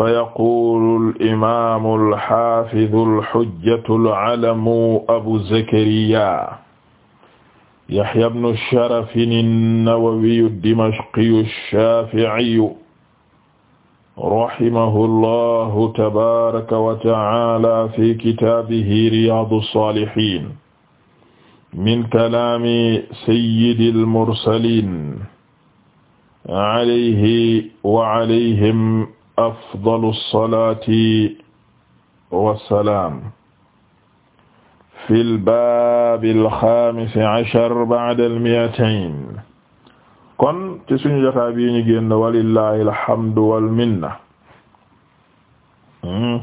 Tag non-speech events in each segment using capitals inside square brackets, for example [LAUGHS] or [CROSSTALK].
فيقول الإمام الحافظ الحجة العلم أبو زكريا يحيى بن الشرف النووي الدمشقي الشافعي رحمه الله تبارك وتعالى في كتابه رياض الصالحين من كلام سيد المرسلين عليه وعليهم afdalu salaati wa salaam fil baabil xaamisi ashar ba'dal mi'atayn kon ci suñu jotaay bi ñu génn walillahi alhamdu wal minna hmm?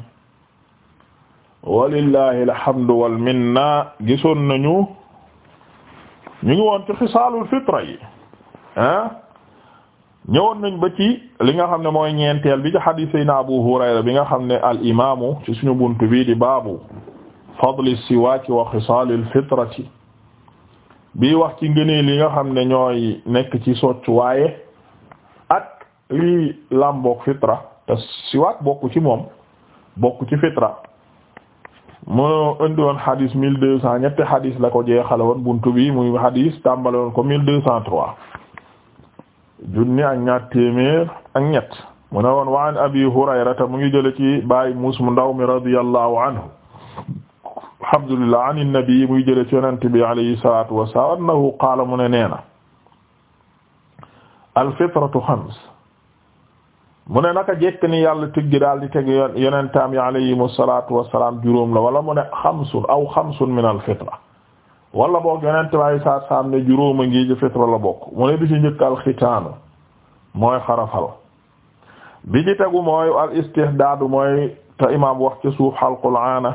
walillahi alhamdu wal minna gisoon nañu ñu ngi woon ci xisaalul fitra yi ah ñëwoon nañ ba ci li nga xam ne mooy ñeenteel bi ci hadith sayna Abu Hurayra bi nga xam ne al imaamu ci suñu bunt bii di baabu fadli siwaaki wa xisaalil fitrati bi wax ci ngënee li nga xam ne ñooy nekk ci soccu waaye ak lii làmbook fitra bokk ci moom bokk ci fitra moo indi woon hadith mille deux cent ñetti hadith la ko jeexale woon bunt bi muy hadith tàmbale woon ko mille deux cent trois junni ak ñaar téeméer mu ne woon wa abi hurayrata mu ngi jële ci bàyyi muus mu ndaw mi radiyallahu anhu alhamdulillah an nabi muy jële ci yonent bi alayhi salatu wassalam annahu qaala mu ne na alfitratu naka jekk ni yàlla tëggi daal di teg yonentaam yi alayhimu juróom la wala mu ne xamsun aw xamsun min alfitra wala boog yonent waayu saat saam ne juróoma ngi ci fitra la bokk moo ne bi ci njëkk alxitaanu mooy xarafal bi ci tegu mooy al istihdaadu mooy te imaam wax ci suuf xalqul aana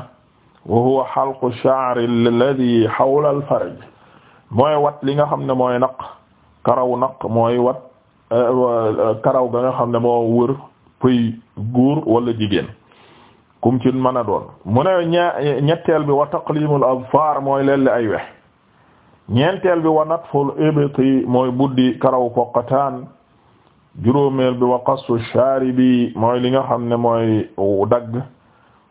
wa huwa xalqu sha'ri alladhi xawla al farj mooy wat li nga xam ne mooy naq karaw naq mooy wat eh, karaw ga nga xam ne moo wër pëy góor wala jigéen kum ci mën a doon mu ne ñetteel bi wa taqlimul azfar mooy lelli ay wex ñeenteel bi wa natful ibti mooy buddi karaw poqataan juróomeel bi wa qasu sharibi mooy li nga xam ne mooy dagg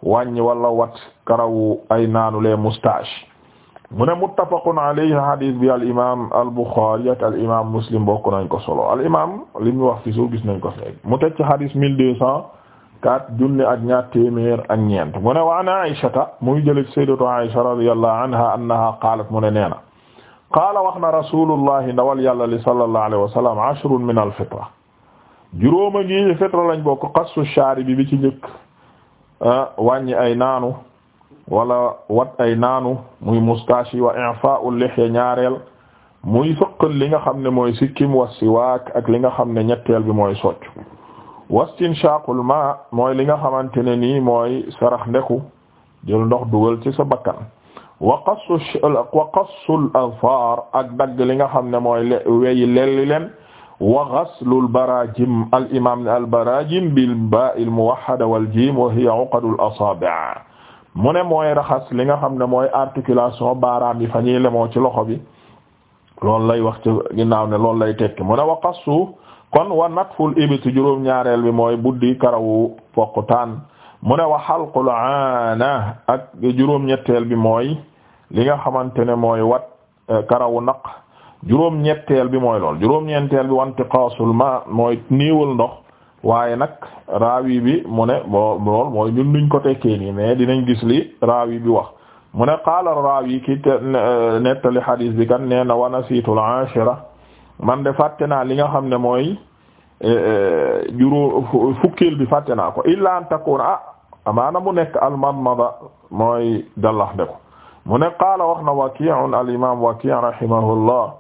wàññi wala wat karaw ay naanu les moustaches mu ne muttafaqun alayhi hadith bi al imam al muslim bokk nañ ko solo al imam li mu wax nañ ko fi mu teg ci kat junni ak ñaar téeméer ak ñeent mu ne wa an aishata muy jële ci sayyidatu aisha radiyallahu anha annaha qalat mu ne neena qaala wax na rasulullahi ndawal yàlla li sallallahu alayhi wa sallam ashrun min al fitra juróom a ngi fitra lañ bokk qassu shaari bi bi ci njëkk ah, wàññi ay naanu wala wat ay naanu muy moustache wa i'fa'u lihya ñaareel muy fëqal li nga xam ne mooy sikkim wa siwaak ak li nga xam ne ñetteel bi mooy socc wastinshaqul ma mooy li nga xamante ne nii mooy sarax ndeku jël ndox dugal ci sa bakkan wa qassu wa qassul ak dagg li nga xam ne mooy le weyi lelli leen wa ghaslul barajim al imam al barajim bil ba'il muwahhada wal jim wa hiya uqadul asabi' mu ne mooy raxas li nga xam ne mooy articulation baaraam yi fa ñuy lemoo ci loxo bi loolu lay wax ci ginnaaw ne loolu lay tekki mu ne wa qassu kon wa natful ibti juróom ñaareel bi mooy buddi karawu poqutaan mu ne wa xalqul aana ak juróom ñetteel bi mooy li nga xamante ne mooy wat eh, karawu naq juróom ñetteel bi mooy lool juróom ñeenteel bi wantiqaasul ma mooy niiwal ndox waaye nag raawi bi mu ne bo lool mooy ñun nuñ ko tekkee nii mais dinañ gis li raawi bi wax mu ne qaala raawi ki eh, nettali xadiis bi kan nee na wa nasiitul aashira man de fàtte naa li nga xam ne mooy juróom fukkeel bi fàtte naa ko illa an takuna ah amaana mu nekk almadmada mooy dallax de ko mu ne qaala wax na waki'un al imam waki' rahimahullah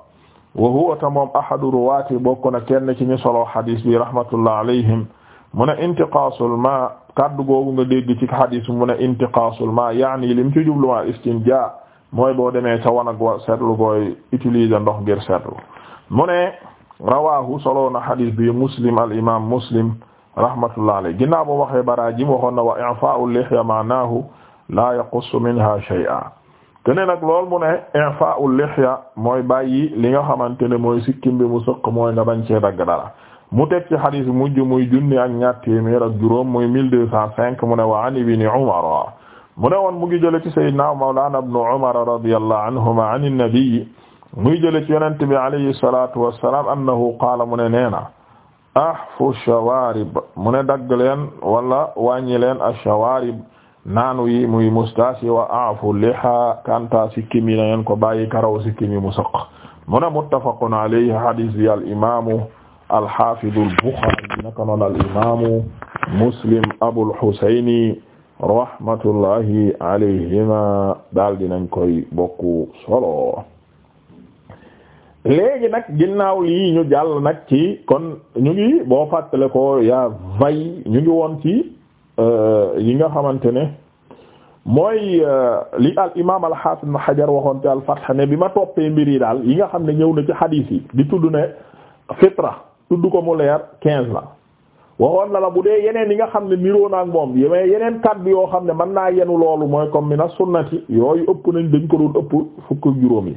wa huwa ta moom ahadu ruwaati bokk na kenn ci ñu solo hadis bi rahmatullah alayhim mu ne intiqaasul ma kaddu googu nga dégg ci hadis mu ne intiqaasul ma yaani lim ci jublumaa istinja mooy boo demee ca wanag wa seetlu koy utiliser ndox ngir seetlu mu ne rawaahu solo na xadis bi muslim al imaam muslim rahmatullah alayhi ginnaaw boo waxee baraajim waxoon na wa i'faa'u lihya maanaahu laa yaqussu minha shay'a te ne nag lool mu ne i'faa'u lihya mooy bàyyi li nga xamante ne mooy sikkim bi mu sëq mooy nga bañ cee dagg dara mu teg ci xadis mujj muy junni ak ñaar téeméer ak juróom muy 1205 mu ne wa an ibni umar mu ne woon mu ngi jële ci sayyidina mawlaana ibnu umar radiyallahu anhuma an nabi muy jële ci yonent bi alayhi salatu wassalam annahu qaala mu ne neena ahfu shawarib mu ne dagg leen wala wàññi leen ash-shawarib naanu yi muy mustaas yi wa aafu liha kanta sikkim yi na ngeen ko bàyyi karaw sikkim yi mu sëq mu ne muttafaqun alayhi hadis bi al imamu alhafidu al-Bukhari naka noon al imamu Muslim Abul Husayni rahmatullahi alayhima daal dinañ koy bokku solo léegi nag ginnaaw lii ñu jàll nag ci kon ñu ngi boo fàttale ko yaa vay ñu ngi woon ci euh, yi nga xamante ne mooy euh, li al imaam al haafid ibn xajar waxoon ci al Fath ne bi ma toppee mbir yi daal yi nga xam ne ñëw na ci hadith yi di tudd ne fitra tudd ko mu leer quinze la waxoon na la bu dee yeneen yi nga xam ne niroo naag moom mais yeneen kàddu yoo xam ne man naa yenu loolu mooy comme na sunnati yooyu ëpp nañ dañ ko doon ëpp fukk juróom yi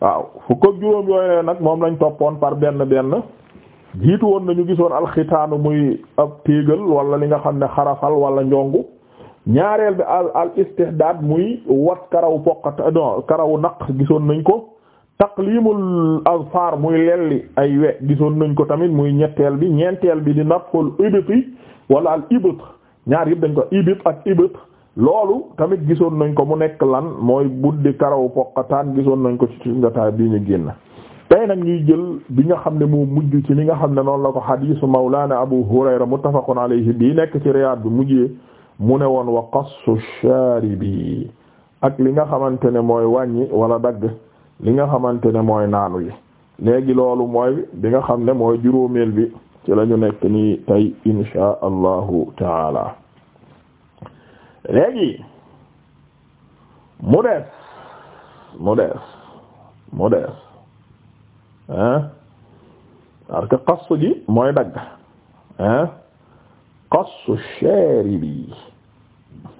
waaw fukk ak juróom yooyu nag moom lañ toppoon par benn benn jiitu woon nañu gisoon alxitaanu muy ab téegal wala li nga xam ne xarafal walla njongu ñaareel bi al al istihdaad muy wat karaw poqat euh, non karawu naq gisoon nañ ko taqlimul azfar muy lelli ay we gisoon nañ ko tamit muy ñetteel bi ñeenteel bi di natful ibti wala al ibt ñaar yëpp dañ ko ibit ak ibt loolu tamit gisoon nañ ko mu nekk lan mooy buddi karaw poqataan gisoon nañ ko ci ci ngataay bii ñu génn tey nag ñuy jël bi nga xam ne moo mujj ci li nga xam ne noonu la ko xadiisu mawlaana abu hurayra muttafaqun alayhi bii nekk ci riyaad bi mujjee mu ne woon wa qassu shaaribi ak li nga xamante ne mooy wàññi wala dagg li nga xamante ne mooy naanu yi léegi loolu mooy bi nga xam ne mooy juróomeel bi ci lañu nekk nii tey insha allahu taala léegi mu des mu des mu des ah parce gi mooy dagg ah qasu sharibi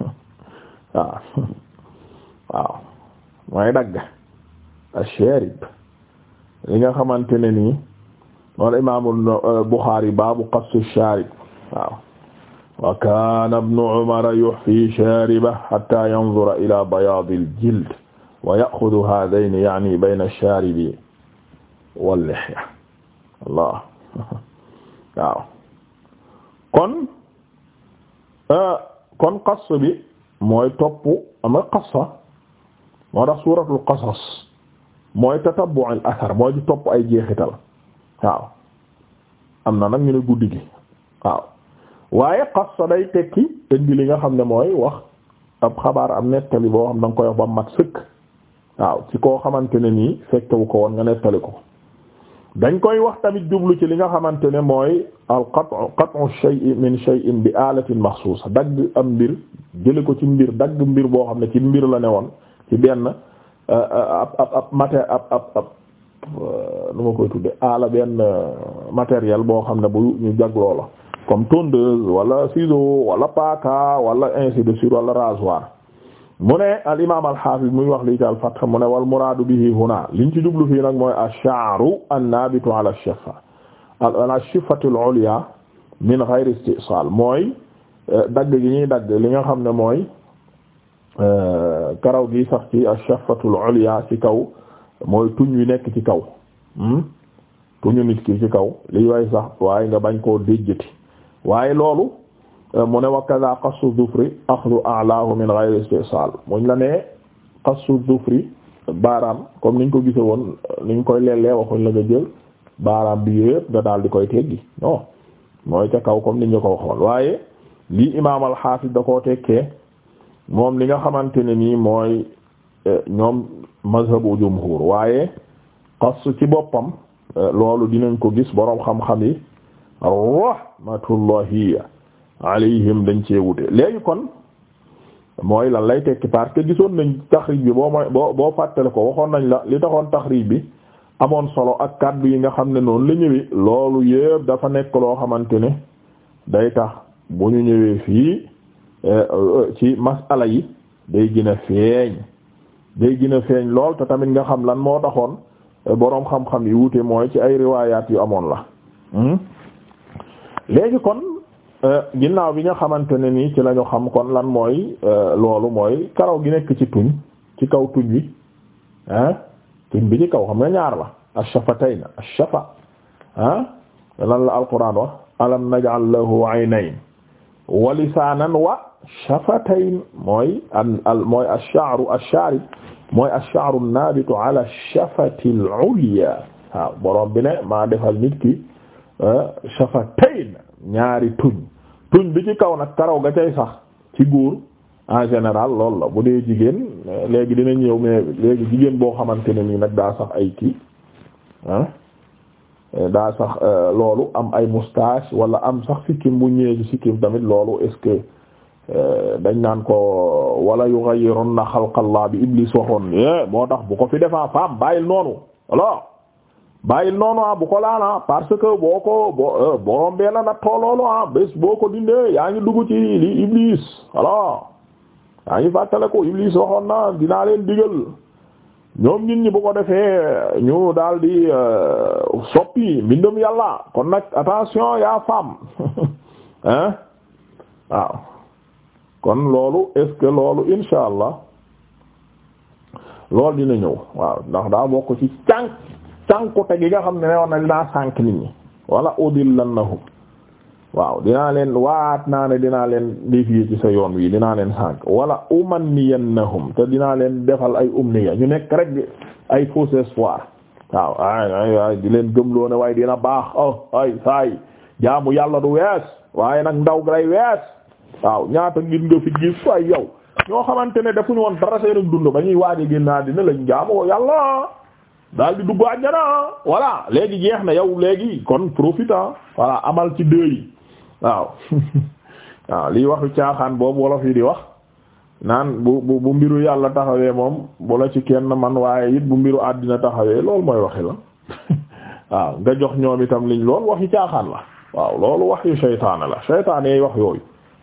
[LAUGHS] waaw waaw mooy dagg asharib li nga xamante ne nii wala imaamul Buxaari baabu qasu sharib waaw wa kaana ibnu umara yuhfi shaaribahu hattaa yanzura ilaa bayaadil jild wa ya'xudu haadayni ya'nii bayna shaaribi wal lihya Allah [LAUGHS] waaw kon euh, kon qass bi mooy topp ama qassa moo tax suuratul qasas mooy tatabbu' al athar mooy di topp ay jeexital waaw am na nag ñu ne guddi gi waaw. waaye qassa day tekki indi li nga xam ne mooy wax ab xabaar am nettali boo xam ne danga koy wax ba mat sëkk waaw ci koo xamante ne nii fekkewu ko woon nga nettali ko dañ koy wax tamit jublu ci li nga xamante ne mooy al qat'u qat'u shay'in min shay'in bi alatin maxsuusa dagg am mbir jële ko ci mbir dagg mbir boo xam ne ci mbir la ne woon ci benn euh, euh, ab ab ab ab ab ab euh, nu ma koy tudde ala benn matériel boo xam ne bu ñu jagloo la comme tondeuse wala ciseau wala paaka wala ainsi de suite wala rasoir mu ne al imaam al hafiz muy wax lii ci al fath mu ne wal muraadu bihi huna liñ ci jublu fii nag mooy ash-sha'ru an-nabitu ala ash-shiffa ala ash-shiffati al-ulya min ghayri isti'sal mooy eh, dagg gi ñuy dagg li nga xam ne mooy eh, karaw gi sax ci ash-shiffatu al-ulya ci kaw mooy tuñ wi nekk ci kaw hmm? tuñu nit ki ci kaw liy way sax waaye nga bañ koo déjjati waaye loolu eh, mu ne wa kaza qassu dhufri axdu a'lahu min ghayri istisal muñ la ne qassu dhufri baaraam comme niñ ko gise woon niñ koy lelee waxuñ la nga jël baaraam bi yëpp nga daal di koy teggi non mooy ca kaw comme niñ la ko waxoon waaye lii imaam al-Hafiz da koo tekkee moom li nga xamante ne nii mooy eh, ñoom mazhabu jumhur waaye qas ci boppam eh, loolu dinañ ko gis boroom xam-xam yi rahmatullahi alayhim dañ cee wute léegi kon mooy lan lay tekki parce que gisoon nañ taxrij bi boo mooy boo boo fàttale ko waxoon nañ la li taxoon taxrij bi amoon solo ak kàddu yi nga xam ne noonu la ñëwee loolu yëpp dafa nekk loo xamante ne day tax bu ñu ñëwee fii eh, ci masala yi day gina a feeñ day gën a feeñ lool te tamit nga xam lan moo taxoon eh, boroom xam-xam yi wute mooy ci ay riwaayaat yu amoon la hmm? léegi kon euh, ginnaaw bi nga xamante ne nii ci la xam kon lan mooy euh, loolu mooy karaw gi nekk ci tuñ ci kaw tuñ wi ah bi ci kaw xam nga ñaar la ash-shafatayn ash-shafa ah lan la alquran wax alam naj'al lahu wa lisaanan wa shafatayn mooy al mooy mooy ash-sha'ru an-naabitu ala ash-shafati al-'ulya waaw borom bi ne maa defal nit ki Euh, shafatayn ñaari tuñ tuñ bi ci kaw nag karaw ga cay sax ci góor en général loolu la bu dee jigéen léegi dina ñëw mais léegi jigéen boo xamante ne nii nag daa sax ay kii eh, daa sax euh, loolu am ay moustache wala am sax sikkim bu ñëwee ci sikkim tamit loolu est-ce que euh, dañ naan ko wala yughayirunna xalqallah bi iblis waxoon eh, moo tax bu ko fi defaa femme bàyyil noonu alors bàyyi noonu ah bu ko ah parce que boo ko bo euh, borom bee la na tooloolu ah bés boo ko dindee yaa ngi dugg ci li Iblis voilà yaa ngi fàttale ko Iblis waxoon na dinaa leen digal ñoom nit ñi bu ko defee ñu daal di euh, soppi mbindum yàlla kon nag attention yaa femme [LAUGHS] hein waaw kon loolu est que loolu insha allah loolu dina ñëw waaw ndax daa bokk ci càng sànkute gi nga xam ne ne woon na dinaa sànk nit ñi wala udillannahum waaw dinaa leen waat naa ne dinaa leen dévier ci sa yoon wi dinaa leen sànk wala umanniyannahum te dinaa leen defal ay umniya ñu nekk rek ay faux espoir waaw ay ay di leen gëmloo ne waaye dina baax oh ay saay jaamu yàlla du wees waaye nag ndaw gray wees waaw ñaata ngir nga fi gis waaye yow ñoo xamante ne defuñu woon dara seen dund ba ñuy waaje génn dina lañ jaamu yàlla daal di dugg àjjana voilà léegi jeex na yow léegi kon profite voilà amal ci deux yi waaw [LAUGHS] waaw lii waxu caaxaan boobu wolof yi di wax naan bu bu bu mbiru yàlla taxawee moom bu la ci kenn man waaye it bu mbiru àddina taxawee loolu mooy waxi la [LAUGHS] waaw nga jox ñoom itam liñ loolu waxi caaxaan la waaw loolu wax yu seytaane la seytaane wax yooyu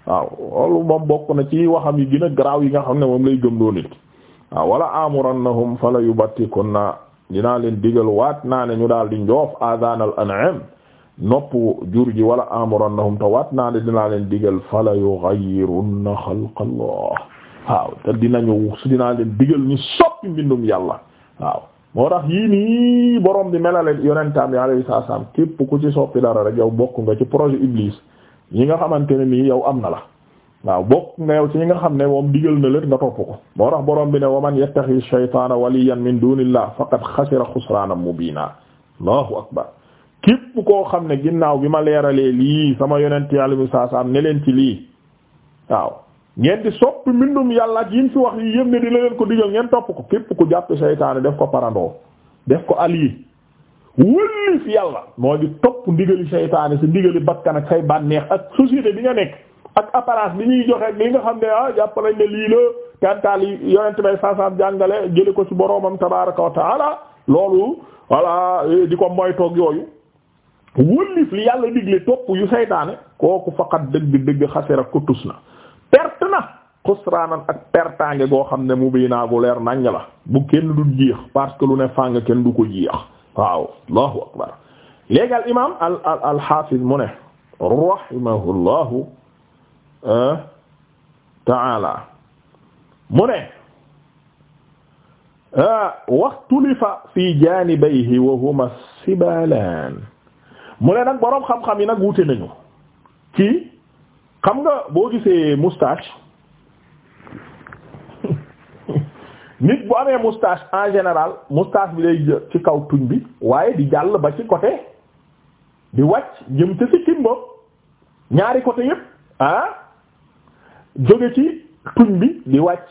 waaw loolu moom bokk na ci waxam yi gën a garaaw yi nga xam ne moom lay gëm doo nit waaw wala amurannahum fala dinaa leen digal waat naa ne ñu daal di njoof adanal an'am nopp jur ji wala amurannahum te waat naa ne dinaa leen digal fala yughayyirunna xalqallah waaw te dinañu su dinaa leen digal ñu soppi mbindum yàlla waaw moo tax yii nii borom bi melale yonentam yi alayhi salaam képp ku ci soppi dara rek yow bokk nga ci projet iblis yi nga xamante ne nii yow am na la waaw bokk nga yow ci ñi nga xam ne moom digal na leen nga topp ko moo tax borom bi ne wa man yattaxi shaytaana waliyan min dunillah faqad xasira xusraanan mubiina allahu akbar képp koo xam ne ginnaaw bi ma leeralee lii sama yonent yàlla bi saa ne leen ci lii waaw ngeen di soppi mbindum yàlla ak yim fi wax yi yëm ne di la leen ko digal ngeen topp ko képp ku jàpp shaytaana def ko parandoo def ko allié wëlif yàlla moo di topp ndigali shaytaana sa ndigali bakkan bànneex ak société bi nga nekk ak apparence bi ñuy joxe li nga xam ne ah jàpp nañ ne lii la kantaal yi yonent bay saasaam jàngale jële ko ci boroomam tabaaraka wa taala loolu voilà eh, di ko mooy yooyu wëllif li yàlla digle topp yu seytaane kooku faqat dëgg dëgg xasira ko na perte na xusraanan ak pertaange goo xam ne mu bii naa gu leer naññ la bu kenn du jiix parce que lu ne fàng kenn du ko jiix waaw allahu akbar léegi al imaam al al al xaafiz mu ne rahimahullahu ta'ala mu ne waxtulifa fi janibayhi wa huma sibalan mu ne nag boroom xam-xam yi nag wute nañu kii xam nga boo gisee moustache [LAUGHS] nit bu amee moustache en général moustache bi day ci kaw tuñ bi waaye di jàll ba ci côté di wàcc jëm ci sikkim ba ñaari côté yépp ah jóge ci tuñ bi di wàcc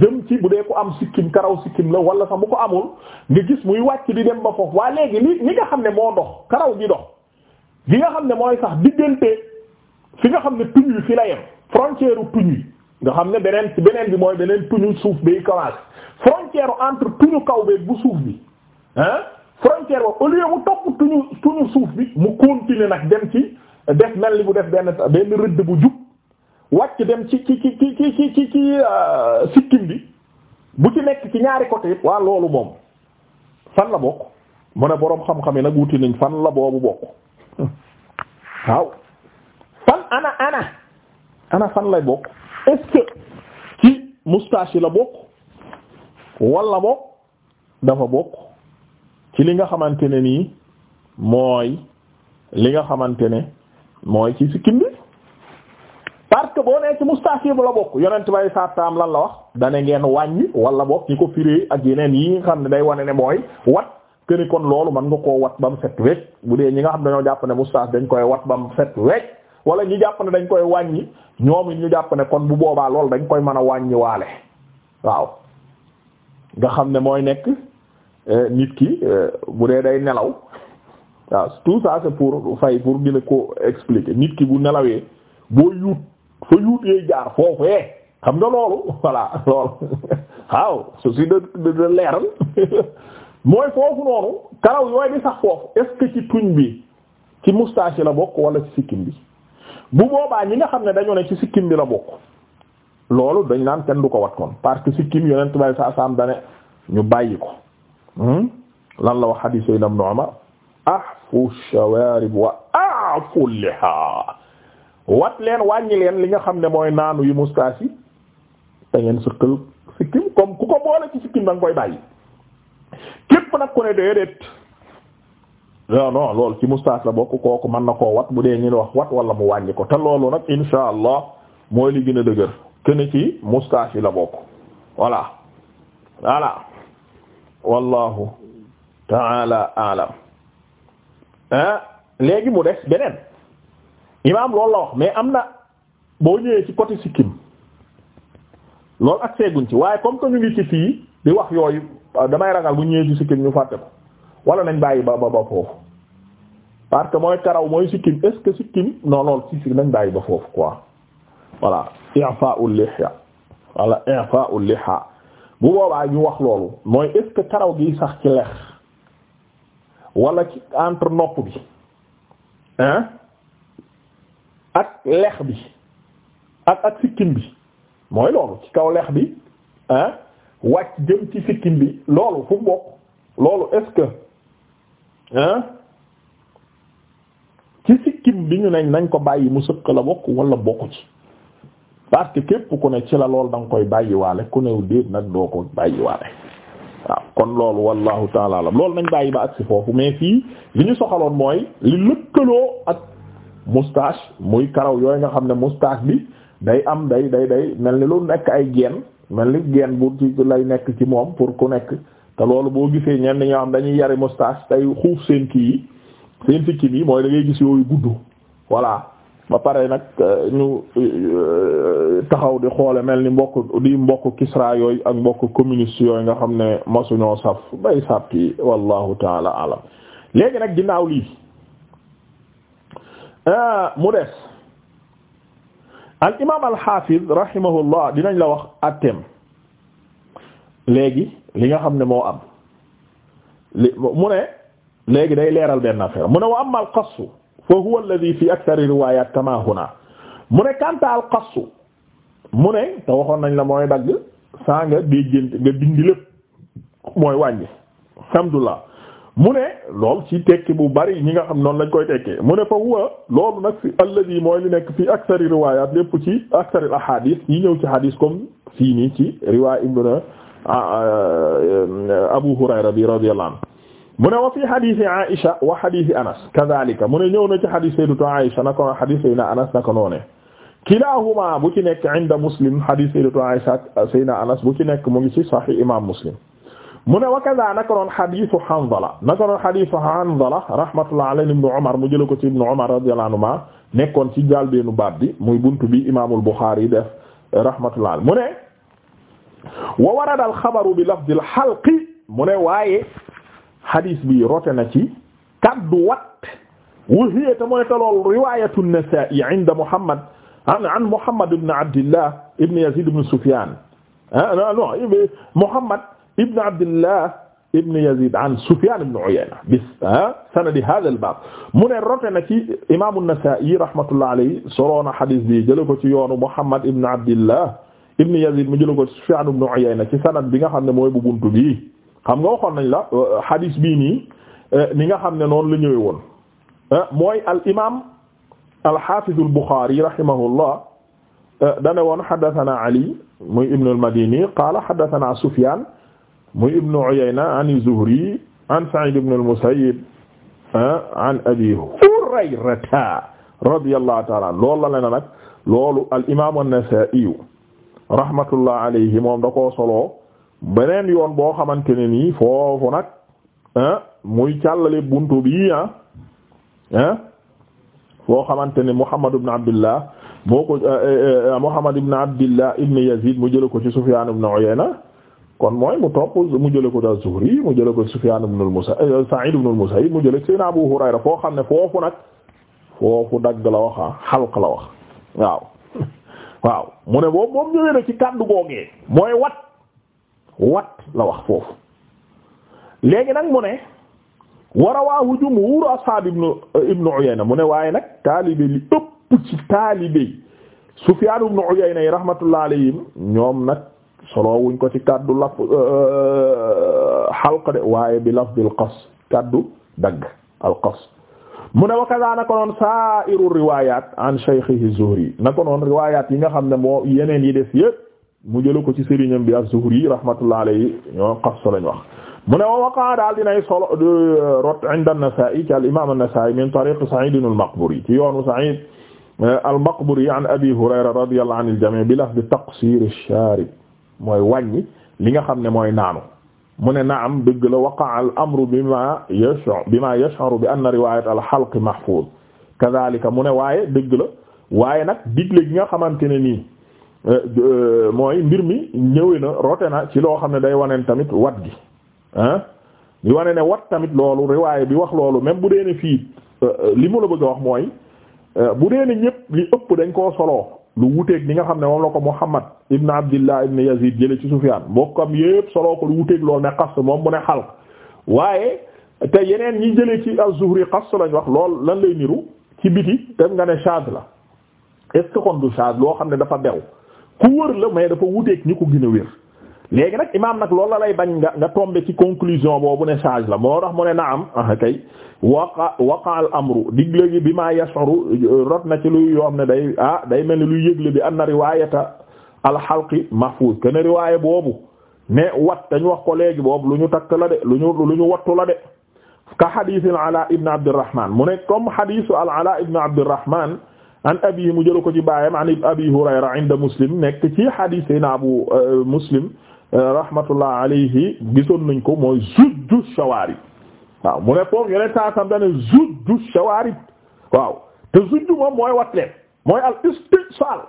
jëm ci bu dee ko am sikkim karaw sikkim la walla sax bu ko amul nga gis muy wàcc di dem ba foofu waaye léegi ni li nga xam ne moo ndox karaw gi dox gi nga xam ne mooy sax diggante fi nga xam ne tuñ wi fi la yem frontière tuñ wi nga xam ne beneen beneen bi mooy beneen tuñu suuf bay commencé frontière entre tuñu kaw beeg bu suuf bi ah frontière wa au lieu mu topp tuñu tuñu suuf bi mu continuer nag dem ci def mel ni bu def benn benn rëdd bu jub wàcc dem ci ci ci ci ci ci ci euh, bi bu ci nekk ci ñaari côté yëpp waa loolu moom fan la bokk mu ne boroom xam-xam yi nag wuti nañ fan la boobu bokk [LAUGHS] waaw fan ana ana fan lay bokk est-ce que ci moustache la bokk walla bokk dafa bokk ci li nga xamante ne nii mooy li nga xamante ne mooy ci sikkim bi parce que boo nee ci mustaxiib la bokk yonent bay saataam lan la wax dane ngeen wàññi wala bokk ñi ko firee ak yeneen yi nga xam ne day wane ne mooy wat këni kon loolu mën nga koo wat ba mu set wecc bu dee ñi nga xam dañoo jàpp ne mustax dañ koy wat ba mu set wecc wala ñu jàpp dañ koy wàññi ñoom it ñu jàpp ne kon bu boobaa loolu dañ koy mën a wàññi waale waaw nga xam ne mooy nekk eh, nit ki eh, bu dee day nelaw waaw tout ça c'est pour fay pour dina ko expliquer nit ki bu nelawee boo yuut fa yuutee jaar foofee xam nga loolu voilà loolu waaw su si da da leeral mooy foofu noonu karaw yooyu di sax foofu est ci tuñ bi ci moustache la bokk wala ci sikkim bi bu boobaa ñi nga xam ne dañoo ne ci sikkim bi la bokk loolu dañ naan kenn du ko wat kon parce que sikkim yonent bay sa saam dane ñu bàyyi ko hmm? lan la wax hadith Ibn Umar ahfu shawarib wa afu liha wat leen wàññi leen li nga xam ne mooy naanu yu mustaas yi te ngeen sëqal sikkim comme ku ko boole ci sikkim da koy bàyyi képp nag ku ne déedéet non non loolu ci mustaas la bokk kooku mën na koo wat bu dee ñu wax wat wala mu wàññi ko te loolu nag insha allah mooy li gën a dëgër kenn ci mustaas yi la bokk voilà voilà wallahu taala alam léegi mu des beneen imaam loolu la wax mais am na boo ñëwee ci côté sikkim loolu ak seeguñ ci waaye comme que ñu ngi ci fii bi wax yooyu euh, damay ragal bu ñëwee ci sikkim ñu fàtte ko wala nañ bàyyi ba ba foofu parce que mooy karaw mooy sikkim est-ce que sikkim non lool ci nañ bàyyi ba foofu quoi voilà i'fa'ul lihya wala i'fa'ul liha bu boobaa ñu wax loolu mooy est karaw gi sax ci lex wala ci entre nopp bi hein ak lex bi ak ak sikkim bi mooy loolu ci kaw lex bi ah wàcc jëm ci sikkim bi loolu fu bokk loolu est-ce que ah ci sikkim bi ñu nañ nañ ko bàyyi mu sëq la bokk wala bokk ci parce que képp ku ne ci la loolu da nga koy bàyyiwaale ku new déet nag doo ko bàyyiwaale waaw kon loolu wallahu taala alam loolu nañ bàyyi ba agsi foofu mais fii li ñu soxaloon mooy li lëkkaloo ak moustache muy karaw yooyu nga xam ne moustache bi day am day day day mel ni lu nekk ay geen mel ni gen bu ci lay nekk ci moom pour ku nekk te loolu boo gisee ñenn ñoo xam dañuy yari moustache tey xuuf seen kii yi seen fikki bi mooy da gis yooyu gudd voilà ba pare nag euh, ñu euh, taxaw di xoole mel ni mbokk di mbokk Kisra yooyu ak mbokk communiste yooyu nga xam ne masuñoo saf bay sàppi wallahu taala alam léegi nag ginnaaw lii Ah, mu des al imaam al xaafiz rahimahullah dinañ la wax atteem léegi li nga xam ne moo am li mu ne léegi day leeral benn affaire mu ne wa amma al qassu fa huwa alladhi fi akthar riwayat kama huna mu ne kanta al qassu mu ne te waxoon nañ la mooy dagg saa nga dindi lépp mooy wàññi alhamdulillah mu ne lool ci tekki bu bari ñi nga xam noonu lañ koy tekkee mu ne fa huwa lool nag fi alladi mooy li nekk fi aksari riwayat lépp ci aksari ahadis yi ñëw ci hadis comme fii nii ci riwaay ibn euh, euh, Abu Hurayra bi radiyallahu anhu mu ne wa fi hadisi Aisha wa hadisi Anas kadhalika mu ne ñëw na ci hadis sayyidatu Aisha nako hadis sayyidina Anas nako noone kilahuma bu ci nekk inda Muslim hadis sayyidatu Anas bu ci nekk mu ngi ci sahih imam Muslim mu ne wakada naka doon xadisu Hanzala naka doon xadisu Hanzala rahmatullah alayhi ibnu Umar mu jële ko ci ibnu Umar radiyallahu anhuma nekkoon ci jàlbeenu baat bi muy buntu bi imaamul Buxaari def rahmatullah mu ne wa warada al xabaru bi lafdil xalqi mu ne waaye xadis bi rote na ci kaddu wat wa hiya ta mooy talool riwayatu an-Nasaa'i inda Muhammad an Muhammad ibn Abdillah ibn Yazid ibn Sufyaan ah non Muhammad ibn Abdillah ibn Yazid an Sufyan ibn Uyayna bi sanadi hadha al-bab mu ne rote na ci imam an-Nasa'i rahmatullah alayhi soroona hadith bi jële ko ci yoonu Muhammad ibn Abdillah ibn Yazid mu jële ko ci Sufyan ibn Uyayna ci sanad bi nga xam ne mooy bu buntu bi xam nga waxoon nañ la euh, hadith bii nii euh, ni nga xam ne noonu la ñëwee woon euh, mooy al imam al-Hafiz al-Bukhari rahimahullah dane woon haddathana Ali muy ibn al-Madini qala haddathana Sufyan muy ibnu Uyayna an Zuhri an Sa'id ibn al-Musayyib ah, an Abi Hurayrata radiyallahu ta'ala loolu la ne nag loolu al imaam an-Nasa'i rahmatullah alayhi moom da koo solo beneen yoon boo xamante ne nii foofu nag ah, muy càllale buntu bi ah ah foo xamante ne Muhammad ibn Abdillah moo ko eh, eh, eh, Muhammad ibn Abdillah ibn Yazid mu jël ko ci Sufyan ibn Uyayna kon mooy mu topp mu jële ko da Zuhri mu jële ko Sufyaan ibn al-Musayyib eh, Sa'id ibn al-Musayyib mu jële ko Seydina Abu Hurayra foo xam ne foofu nag foofu dagg la wax ah xalq la wax waaw [LAUGHS] waaw mu ne boobu moom ñëwee na ci kàddu googee mooy wat wat la wax foofu léegi nag mu ne warawaahu jumhuuru ashaab eh, mu ne waaye nag taalibe li ëpp ci taalibe Sufyaan ibnu Uyayna yi rahmatullah alayhim ñoom nag solo wuñ ko ci kàddu laf euh, euh, xalq de waaye bi lafdil qas kàddu dagg al qas mu ne wakaza nako noon sa'iru riwayat an shaykhihi Zuhri nako noon riwayat yi nga xam ne moo yeneen yi def yépp mu jëlu ko ci sëriñam bi az-Zuhri rahmatullah alayhi ñoo qas lañ wax mu ne wa waqa daal dinay solo euh, rot inda an-Nasa'i ci al-imam an-Nasa'i min tariq Sa'id al-Maqburi ci yoonu Sa'id al-Maqburi an Abi Hurayra radiyallahu anil jami' bi lafdi taqsir ash-sharib mooy wàññi li nga xam ne mooy naanu mu ne naam dëgg la waqaa al amru bima yash'u bima yash'uru bi anna riwayat al halq mahfuz kadhalika mu ne waaye dëgg la waaye nag digle gi nga xamante ne nii euh, euh, mooy mbir mi ñëwee na rote na ci loo xam ne day waneen tamit wat gi ah di wane ne wat tamit loolu riwaay bi wax loolu même bu dee ne fii euh, li mu la bëgg a wax mooy bu dee ne ñëpp li ëpp dañ koo soloo lu wuteeg li nga xam ne moom la ko Muhammad ibn Abdillah ibn Yazid jële ci Sufyan mbokkam yépp soloo ko lu wuteeg loolu ne xas moom mu ne xalq waaye te yeneen ñi jële ci az-Zuhri xas lañ wax lool lan lay niru ci biti tam nga ne shaz la est-ce kon du shaz loo xam ne dafa bew ku wër la mais dafa wuteeg ñi ko gën a wér léegi nag imaam nag loolu la lay bañ nga nga tombé ci conclusion boobu ne change la moo rax mu ne naam ah kay waqa waqa al amru digle gi bi maa yasuru euh, rot na ci luy yoo ne day ah day mel ni luy yëgle bi anna riwaayata al xalqi mahfuz kenn riwaaya boobu ne wat dañ wax ko léegi boobu lu ñu takk la de lu ñu lu ñu wattu la de ka xadiis al alaa ibn abdurrahman mu ne comme xadiisu alaa ibn abdurrahman an abihi mu jëlu ko ci baayam an abi hurayra inda muslim nekk ci xadiis na abu euh, muslim rahmatullah alayhi gisoon nañ ko mooy zuddu shawarib waaw mu ne foofu yeneen saa sam dane zuddu waaw te zuddu moom mooy wat leen mooy al istisal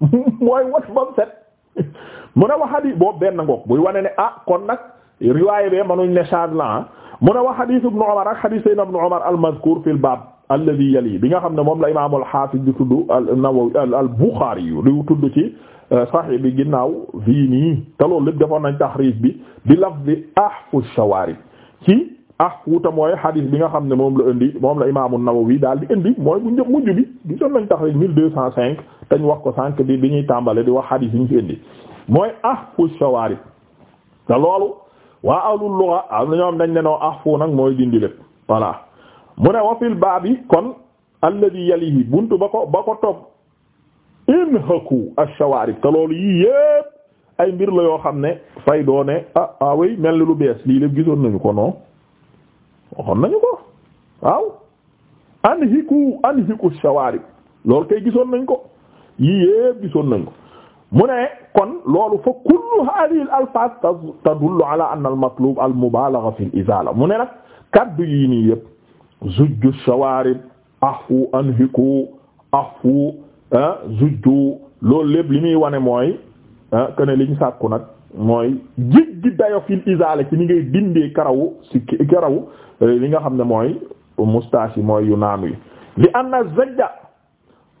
[LAUGHS] mooy wat bam set [LAUGHS] mu ne waxadi boobu benn ngoog buy wane ne a ah kon nag riwaayé bee manuñ ne changement mu ne wax xadiis ibnu Umar ak xadiis sayyidina ibnu Umar al-mazkuur fil baab yali bi nga xam ne moom la imaam al-Haafiz di tudd an-Nawawi al-Buxaari yu di tudd ci euh, Sahih bi ginnaaw fii nii te loolu lépp defoon nañ taxriij bi di lafzi ahfu shawaarib ci ahfu ta mooy xadiis bi nga xam ne moom la indi moom la imaam an-Nawawi daal di indi mooy bu njëkk mujj bi gisoon nañ taxriij 1205 te ñu wax ko sànq bi bi ñuy tàmbale di wax xadiis yi ñu fi indi mooy ahfu shawaarib te loolu waa awlul lugha am na ñoom dañ ne noo ahfu nag mooy dindi lépp voilà mu ne wa fil baabi kon alladhi yalihi bunt ba ko ba ko topp inhaku ash-shawarib te loolu yii yépp ay mbir la yoo xam ne fay doone ah ah mel ni lu bees lii lépp gisoon nañu ko non waxoon nañu ko waaw anhiku anhiku ash-shawarib kay gisoon nañ ko yii yépp gisoon nañ ko mu ne kon loolu fa kullu hadhihi al alfaz tadullu ala anna fi al mu ne nag kaddu yii nii yëpp zujju shawarib ahfu anhiku ahfu ah, zujju loolu lépp li muy wane mooy ah, que ne liñ sàkku nag mooy jig gi dayo fi al izala ci ni ngay dindee karawu si karawu eh, li nga xam ne mooy moustache yi mooy yu naanu yi li zajja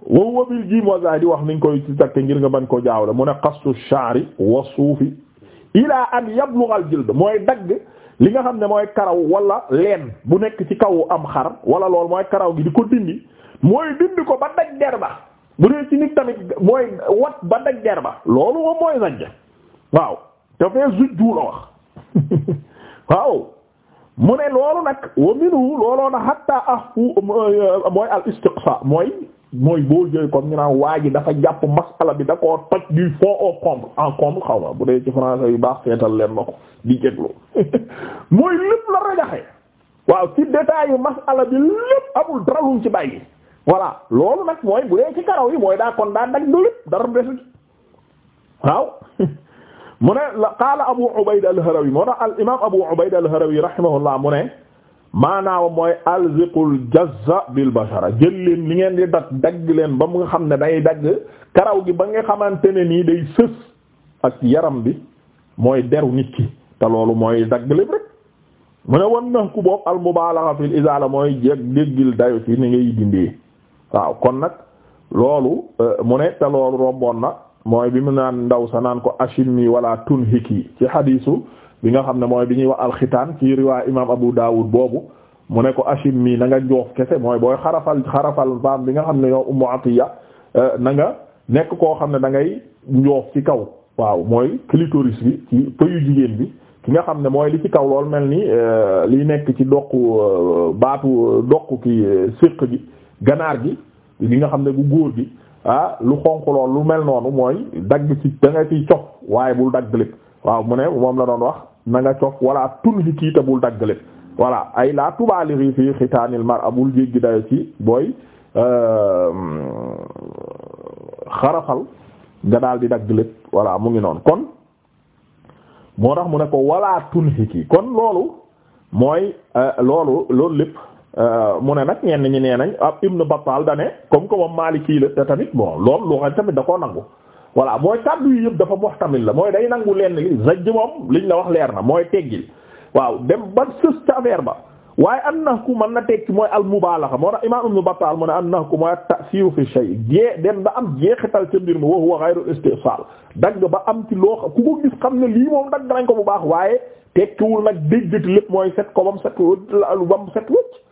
wa huwa bil jiim wa wax niñ koy ci takk ngir nga bañ koo jaawle mu ne qastu sha'ri wa suufi ilaa an yablugha al jild mooy dagg li nga xam ne mooy karaw wala leen bu nekk ci kaw am xar wala lool mooy karaw gi di ko dindi mooy dindi ko ba daj ba bu dee ci nit tamit mooy wat ba daj ba loolu moom mooy zajj waaw te fee la wax [LAUGHS] waaw mu ne loolu nag wa minhu looloo na hatta afu mooy al istiqsa mooy mooy boo jëlee comme ñu naan waa ji dafa jàpp masala bi da koo toj du fond au en comble xaw ma bu dee ci français yu baax seetal leen ma ko di jéglu [LAUGHS] mooy lépp la rajaxe waaw ci détail yu masala bi lépp amul dara lu ci bàyyi voilà loolu nag mooy bu dee ci karaw yi mooy daa kon daa daj du lépp dara desul waaw [LAUGHS] mu ne qaala Abu Ubayd al-Harawi moo tax al imaam Abu Ubayd al-Harawi rahimahullah mu ne. maanaawa mooy alziqul jazza bil bashara jël leen li ngeen di dagg leen ba mu nga xam ne day dagg karaw gi ba nga xamante ne nii day sës ak yaram bi mooy deru nit ki te loolu mooy dagg lépp rek mu ne wan nax ku boobu al fil izala mooy jeg déggil dayo ci ni ngay dindee waaw kon nag loolu euh, mu ne te loolu romboon na mooy bi mu naan ndaw sa naan ko ashimi wala tunhiki ci hadisu bi nga xam ne mooy bi ñuy wax alxitaan ci riwaay imam Abu Dawud boobu mu ne ko achim mii na nga joof kese mooy booy xarafal xarafal baam bi nga xam ne yow Ummu Atiya euh, na nga nekk koo xam ne da ngay njoof ci kaw waaw mooy clitoris bi ci pëyu jigéen bi ki nga xam ne mooy li ci kaw lool mel ni euh, liy nekk ci doq euh, baatu doq ki siq gi ganaar gi gi nga xam ne gu góor gi ah, lu xonq lool lu mel noonu mooy dagg ci da nga ciy waaye bul dagg lépp waaw mu ne moom la doon wax na nga cof wala tunhi kii tabul daggale voilà ay la tubaliri fii xitaanil mar abul jéggi dayo ci booy euh, xarafal nga daal di dagg lépp voilà mu ngi noonu kon moo tax mu ne ko wala tunhi kii kon loolu mooy euh, loolu loolu lépp euh, mu ne nag ñenn ñi nee nañ ab Ibn Battal dane comme que moom Maliki la te tamit bon loolu loo xam tamit da koo nangu voilà mooy kàddu yi yëpp dafa muhtamil la mooy day nangu leen zajj moom liñ la wax leer na mooy teggil waaw dem ba sës ca ba waaye an nax ku mën na tekki mooy al mubaalaxa moo tax imam ibn Battal mu ne an nax ku mooy ta'sir fi shay jee dem ba am jeexital ca mbir mi wa huwa ghayru istisal ba am ci loo ku gis xam ne lii moom dagg nañ ko bu baax waaye tekkiwul nag déjjati lépp mooy set ko bam set bam set wëcc